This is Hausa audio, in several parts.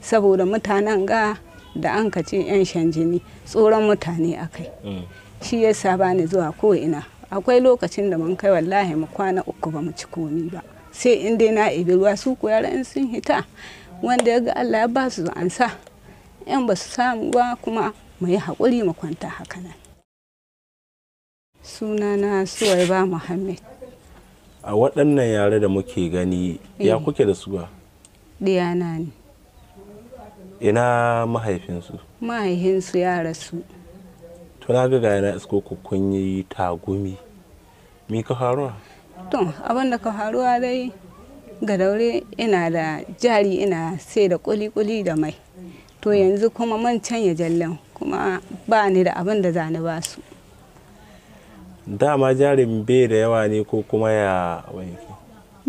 saboda mutanen ga da an ka 'yan shan jini tsoron mutane a kai mm. shi ya ba ni zuwa ko ina akwai lokacin da mun kai wallahi mu kwana uku ba mu ci komi ba sai in dai na ibi ruwa su ko in sun hita wanda ya ga Allah ya ba su ansa yan ba su samu ba kuma mu yi haƙuri mu kwanta haka nan sunana ba muhammed. a waɗannan yare da muke gani ya eh. kuke da su ba. diyana ne ina mahaifinsu mahaifinsu ya rasu tuna ga gane isko kun yi tagumi mi ka faruwa to abin ka faruwa dai ga daure ina da jari ina sai da kuli-kuli da mai to yanzu kuma man canya jallon kuma ba ni da abin da zani ba su dama jarin bai da yawa ne ko kuma ya wani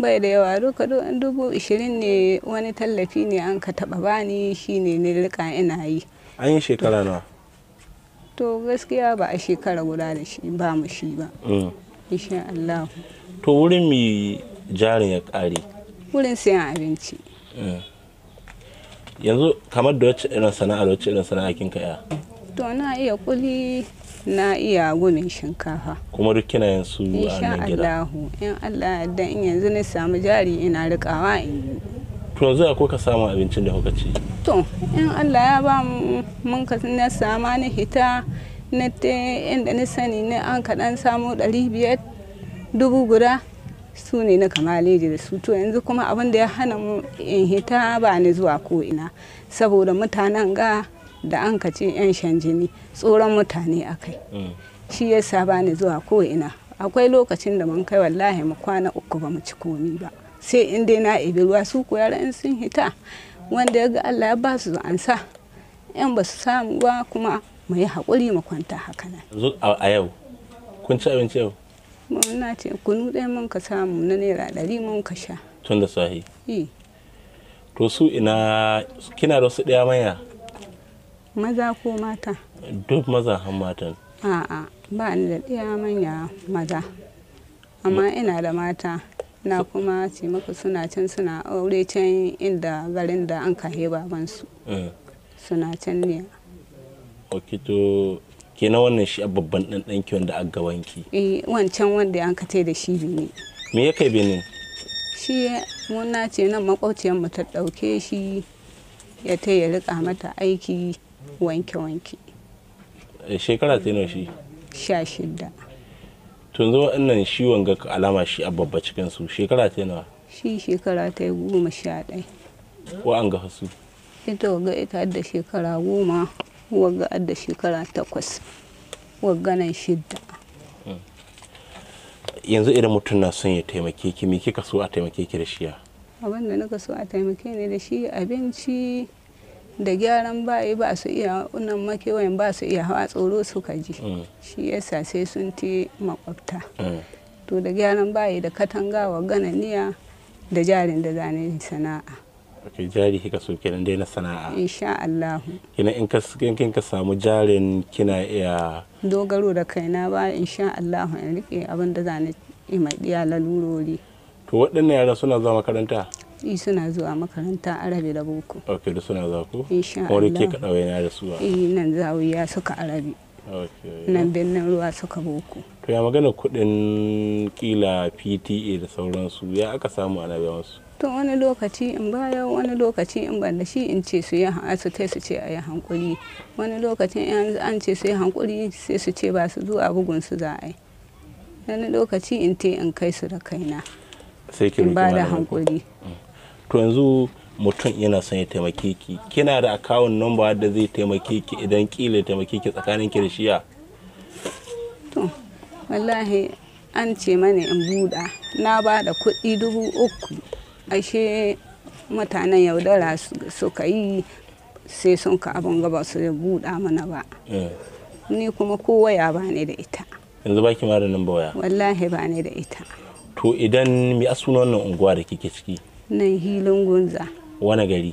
bai da yawa an dubu ishirin ne wani tallafi ne an ka taba bani shine ne rika ina yi an yi shekara nawa to gaskiya ba a shekara guda da shi ba mu shi ba mm. insha Allah to wurin mi jarin ya kare wurin sayan abinci mm. yanzu kamar da wacce irin sana'ar wacce irin sana'a kinka ya to na iya kuli na iya gumin shinkafa kuma duk kina yin su a nan gida Allahu in Allah yarda in yanzu na samu jari ina rikawa in yi to yanzu ko ka samu abincin da kuka ci to in Allah ya ba mun ka na sama ni hita na te inda ni sani ne an kaɗan samu ɗari biyar dubu guda su ne na kamaleji da su to yanzu kuma abin da ya hana mu in hita ba ni zuwa ko ina saboda mutanen ga da an 'yan shan jini tsoron mutane a kai mm. shi ya sa ba ni zuwa ko ina akwai lokacin da mun kai wallahi mu kwana uku ba mu ci komi ba sai in dai na ibi ruwa su ko in sun hita wanda ya ga Allah ya ba su ansa yan ba su samu ba kuma mu yi haƙuri mu kwanta haka nan a yau kun ci abinci yau na ce kunu ɗaya mun ka samu na naira ɗari mun ka sha tun da sahi eh. to su ina kina da wasu ɗaya manya maza ko mata duk maza har matan a'a ba ni da ɗaya manya maza amma ina da mata na kuma ce maka suna can suna aure can inda garin da an kahe babansu eh. suna can ne ok to na wannan shi a babban ɗanɗan ɗanki wanda a gabanki eh wancan wanda an ka da shi ne me ya kai ne. shi mun nace ce nan makwauciyar mu ta ɗauke shi ya ta ya rika mata aiki wanke-wanke eh, shekara ta yana shi sha shida tun zo wannan shi wanga alama shi a babba cikin su shekara ta yana shi shekara ta yi goma sha ɗai wa an ga hasu? ita waga ita da shekara goma waga da shekara takwas waga nan shidda hmm. yanzu idan mutum na son ya taimake ki me kika so a taimake ki da shiya abin da naka so a taimake ne da shi abinci da gyaran bayi ba su iya unan makewayin ba su iya hawa tsoro suka ji mm. shi yasa sai sun ti makwabta mm. to da gyaran bayi da katanga wa gananiya da jarin da zane sana'a kai jari kika so kenan na sana'a insha Allah kina in ka kin ka samu jarin kina iya dogaro da kaina ba insha Allah in rike abin da zane mai diya lalurori to waɗannan yara suna zuwa makaranta yi suna zuwa makaranta arabi da boko ok da suna za ku insha Allah ke ka dawo yana da suwa eh nan ya suka arabi nan birnin ruwa suka boko to ya magana kudin kila pta da sauransu ya aka samu ana biyan musu to wani lokaci in baya wani lokaci in ban da shi in ce su yi su kai su ce a yi hankuri wani lokacin an ce su yi hankuri sai su ce ba su zuwa bugun su za a yi wani lokaci in te in kai su da kaina sai ki ba da hankuri mm. to yanzu mutum yana son ya taimake ki kina da akawun number da zai taimake ki idan kila ya taimake ki tsakanin ki da shiya to wallahi an ce mana in buɗa na ba da kuɗi dubu uku ashe mutanen yaudara sukayi yi sai sun ka abin gaba su buɗa mana ba eh. ni kuma ko waya ba ne da ita yanzu baki ma da nan ba waya wallahi ba ne da ita to idan mi asunan unguwa da kike ciki nan hilin gunza wani gari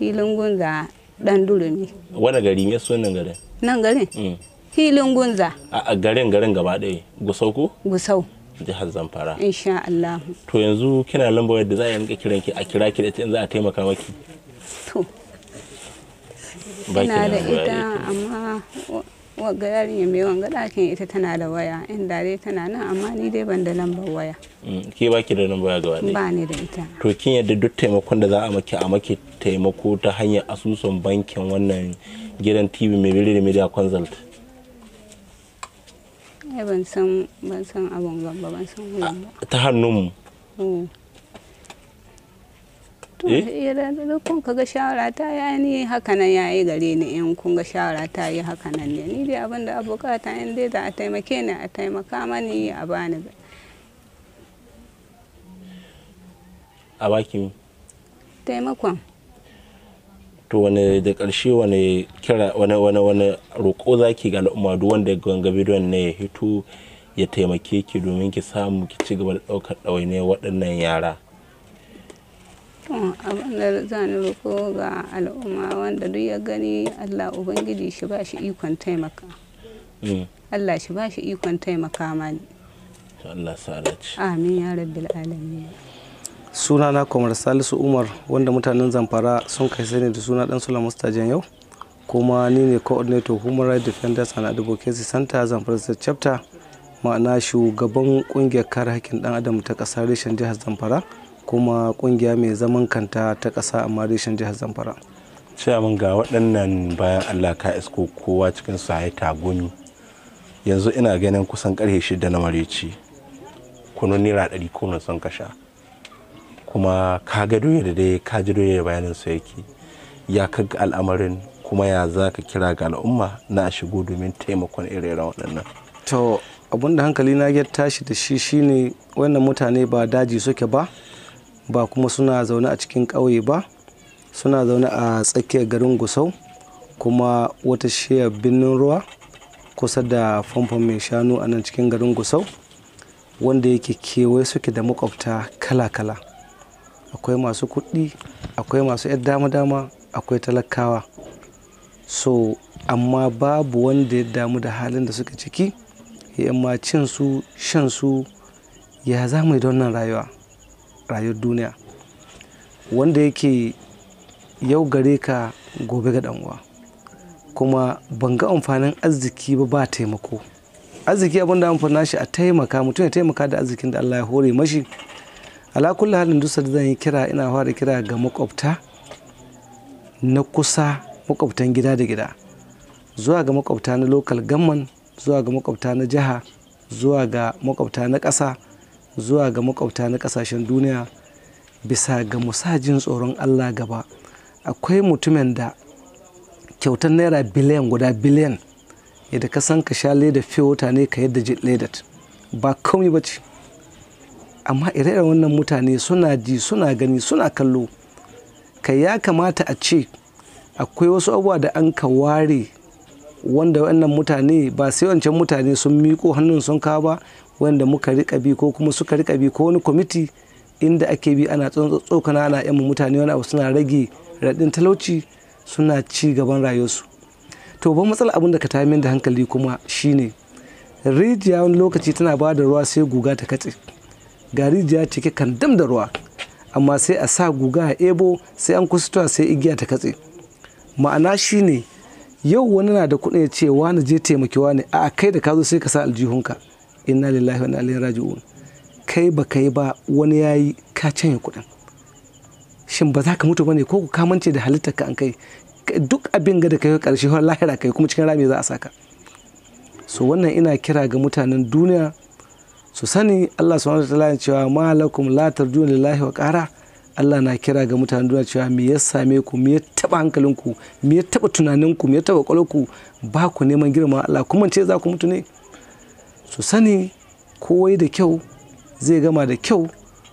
hilin gunza dan durumi wani gari ya nan garin nan garin mm. hilin gunza a garin garin gaba ɗaya gusau ko gusau jihar zamfara insha Allah to yanzu kina lamba yadda za a yanka kiran ki a kira ki da ta za a taimaka maki to ina da ita amma ga yarinya mai wanga ɗakin ita tana da waya inda dai tana nan amma ni dai ban da lambar waya mm, ke baki da lambar waya gaba ɗaya ba ni da ita to kin yadda duk taimakon da za a maki a maki taimako ta hanyar asusun bankin wannan gidan tv mai biri da media consult ban san ban san abun gaba ban san ta hannun mu mm. Eh? kun kaga shawara ta ya ni haka nan ya yi gare ni in kun ga shawara ta yi haka nan ne ni dai abin da a ta in dai da a taimake ni a taimaka mani a bani a baki taimakon to wani da ƙarshe wani kira wani wani wani roƙo zaki ga al'umma duk wanda ya bidiyon ne ya hito ya taimake ki domin ki samu ki ci gaba da ɗaukar ɗawainiyar waɗannan yara ga al'umma gani allah shi ikon taimaka eh. allah sunana kwamar salisu umar wanda mutanen zamfara sun kai sani da suna dan sula mustajen yau kuma ni ne coordinator human rights defenders and advocacy center zamfara state chapter ma'ana shugaban kungiyar kare hakkin dan adam ta kasar reshen jihar zamfara kuma kungiya mai zaman kanta ta ƙasa amma reshen jihar zamfara min ga waɗannan bayan allah ka isko kowa cikin su ya tagumi yanzu ina ganin kusan karhe shida na mareci kuno naira ɗari kunu sun kasha kuma ka ga doya da dai ka ji doya da bayanin su yake ya kaga al'amarin kuma ya za ka kira ga al'umma na a shigo domin taimakon ire waɗannan to abinda hankali na ya tashi da shi shine wannan mutane ba daji suke ba ba kuma suna zaune a cikin ƙauye ba suna zaune a tsakiyar garin gusau kuma wata shiyar birnin ruwa kusa da famfon mai shanu a nan cikin garin gusau wanda yake kewaye suke da makwabta kala-kala akwai masu kuɗi akwai masu 'yan dama-dama akwai talakawa so amma babu wanda ya damu da halin da suka ciki ya cin su shan su ya za mu yi don nan rayuwa rayuwar duniya wanda yake yau gare ka gobe ga uwa kuma ban ga amfanin arziki ba ba taimako arziki abin da amfana shi a taimaka mutum ya taimaka da arzikin da Allah ya hore mashi ala halin dusa da zan yi kira ina fara kira ga makwabta na kusa makwabtan gida da gida zuwa ga makwabta na lokal gamman zuwa ga makwabta na jiha zuwa ga makwabta na ƙasa zuwa ga makwabta na kasashen duniya bisa ga musajin tsoron allah gaba akwai mutumin da kyautar naira biliyan guda biliyan yadda ka san ka sha leda fiyota ne ka yadda jin ledat ba komai ba ce amma irin wannan mutane suna ji suna gani suna kallo ka ya kamata a ce akwai wasu abubuwa da an ka ware wanda wannan mutane ba sai wancan mutane sun miko hannun sun kawo ba wanda muka rika bi ko kuma suka rika bi ko wani kwamiti inda ake bi ana tsokana ana yamma mutane wani abu suna rage raɗin talauci suna ci gaban rayuwarsu to ban matsala abin da ka tayi min da hankali kuma shine rijiya wani lokaci tana ba da ruwa sai guga ta katse ga rijiya cike kan dam da ruwa amma sai a sa guga a ebo sai an kusutuwa sai igiya ta katse ma'ana shine yau wani na da kuɗin ya ce wani je taimaki wani a kai da ka zo sai ka sa aljihunka inna lillahi wa inna ilaihi raji'un kai ba kai ba wani yayi ka canye kuɗin shin ba za ka mutu bane ko ka mance da halittar ka an kai duk abin ga da kai karshe har lahira kai kuma cikin rami za a saka so wannan ina kira ga mutanen duniya su sani Allah subhanahu wa ta'ala cewa lakum la tarjuna lillahi wa qara Allah na kira ga mutanen duniya cewa me ya same ku me ya taba hankalinku me ya taba tunaninku me ya taba kwalku ba ku neman girma Allah kuma ce za ku mutu ne su sani kowai da kyau zai gama da kyau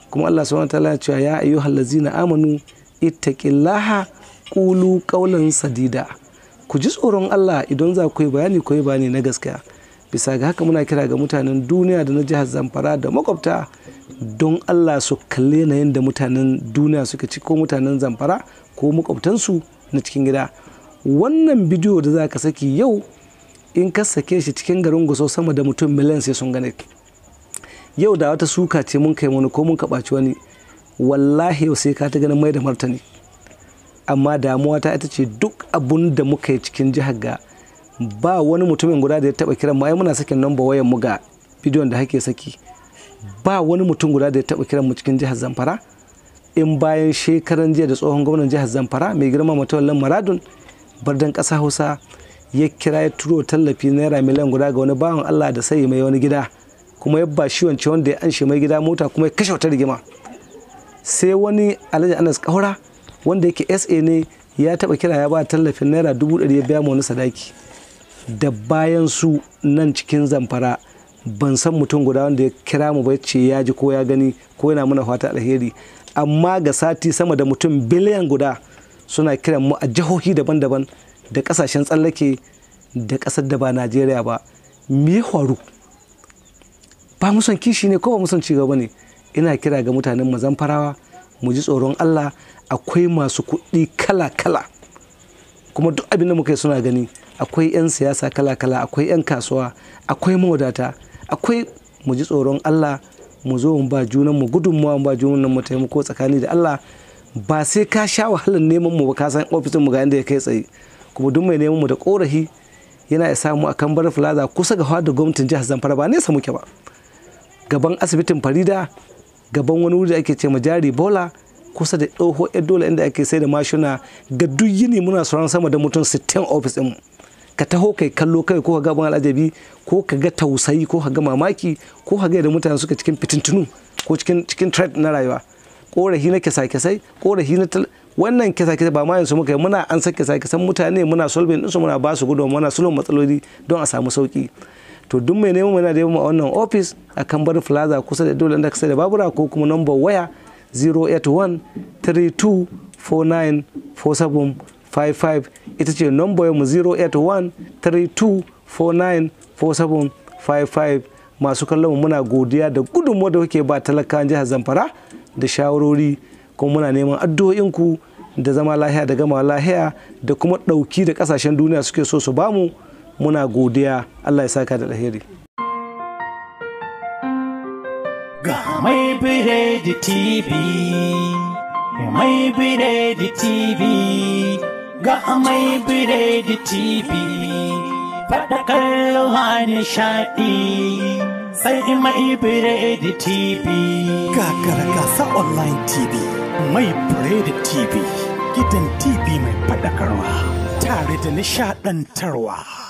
kuma Allah subhanahu wataala ya cewa ya ayyuhal ladzina amanu ittaqillaha ƙulu qawlan sadida ku ji tsoron Allah idan za ku yi bayani ku yi bayani na gaskiya bisa ga haka muna kira ga mutanen duniya da na jihar Zamfara da makwabta don Allah su kalle yanayin da mutanen duniya suka ci ko mutanen Zamfara ko makwabtansu na cikin gida wannan bidiyo da za ka saki yau in ka sake shi cikin garin gusau sama da mutum miliyan sai sun gane yau da wata suka ce mun kai wani ko mun ka baci wani wallahi yau sai ka ta ganin mai da martani amma damuwa ta ita ce duk abun da muka yi cikin jihar ga ba wani mutumin guda da ya taba kiran mu ai muna sakin namba wayan mu ga bidiyon da hake saki ba wani mutum guda da ya taba kiran mu cikin jihar Zamfara in bayan shekaran jiya da tsohon gwamnan jihar Zamfara mai girma matawallan Maradun bardan ƙasa Hausa ya kira ya turo tallafi naira miliyan guda ga wani bawan Allah da sai mai wani gida kuma ya ba shi wance wanda ya anshi mai gida mota kuma ya kashe wata rigima sai wani alhaji Anas Kaura wanda yake SA ne ya taba kira ya ba tallafin naira dubu ɗari ya biya mu wani sadaki da bayan su nan cikin zamfara ban san mutum guda wanda ya kira mu ba ce ya ji ko ya gani ko yana muna fata alheri amma ga sati sama da mutum biliyan guda suna kiran mu a jihohi daban-daban da kasashen tsallake da kasar da ba najeriya ba me horo ba mu son kishi ne ko ba mu son cigaba ne ina kira ga mutanen mazan farawa mu ji tsoron allah akwai masu kuɗi kala-kala kuma duk abin da muka suna gani akwai 'yan siyasa kala-kala akwai 'yan kasuwa akwai mawadata akwai mu ji tsoron allah mu zo mu ba junan mu gudunmuwa mu ba junan mu taimako tsakani da allah ba sai ka sha wahalar neman mu ba ka san ofisin mu ga inda ya kai tsaye kuma duk mai neman mu da korafi yana isa mu akan bar plaza kusa ga fadar gwamnatin jihar zamfara ba nesa muke ba gaban asibitin farida gaban wani wuri da ake ce jari bola kusa da tsoho yar dole inda ake sai da mashina ga duk yini muna sauran sama da mutum 60 ofis ɗin ka taho kai kallo kai ko ka ga ban al'ajabi ko ka ga tausayi ko ka ga mamaki ko ka ga da mutane suka cikin fitintunu ko cikin cikin na rayuwa korafi na kisa-kisai korafi na wannan kisa kisa ba ma yanzu muka yi muna an san kisa kisan mutane muna solving ɗinsu muna ba su gudu muna sulon matsaloli don a samu sauki to duk mai neman yana da a wannan ofis a kan bar plaza kusa da dole da kasa da babura ko kuma number waya 081 ita ce number mu 081 masu kallon muna godiya da gudunmu da kuke ba talakawan jihar zamfara da shawarori kuma muna neman addu'o'inku da zama lahiya da gama lahiya da kuma ɗauki da ƙasashen duniya suke so su bamu muna godiya Allah ya saka da alheri. Ga mai biredi TV, mai biredi TV, ga mai biredi TV, faɗakar ruwa nishaɗi. sai mai biredi TV. Gagara gasa online TV, mai biredi TV, gidan TV mai faɗakarwa, tare da nishaɗantarwa.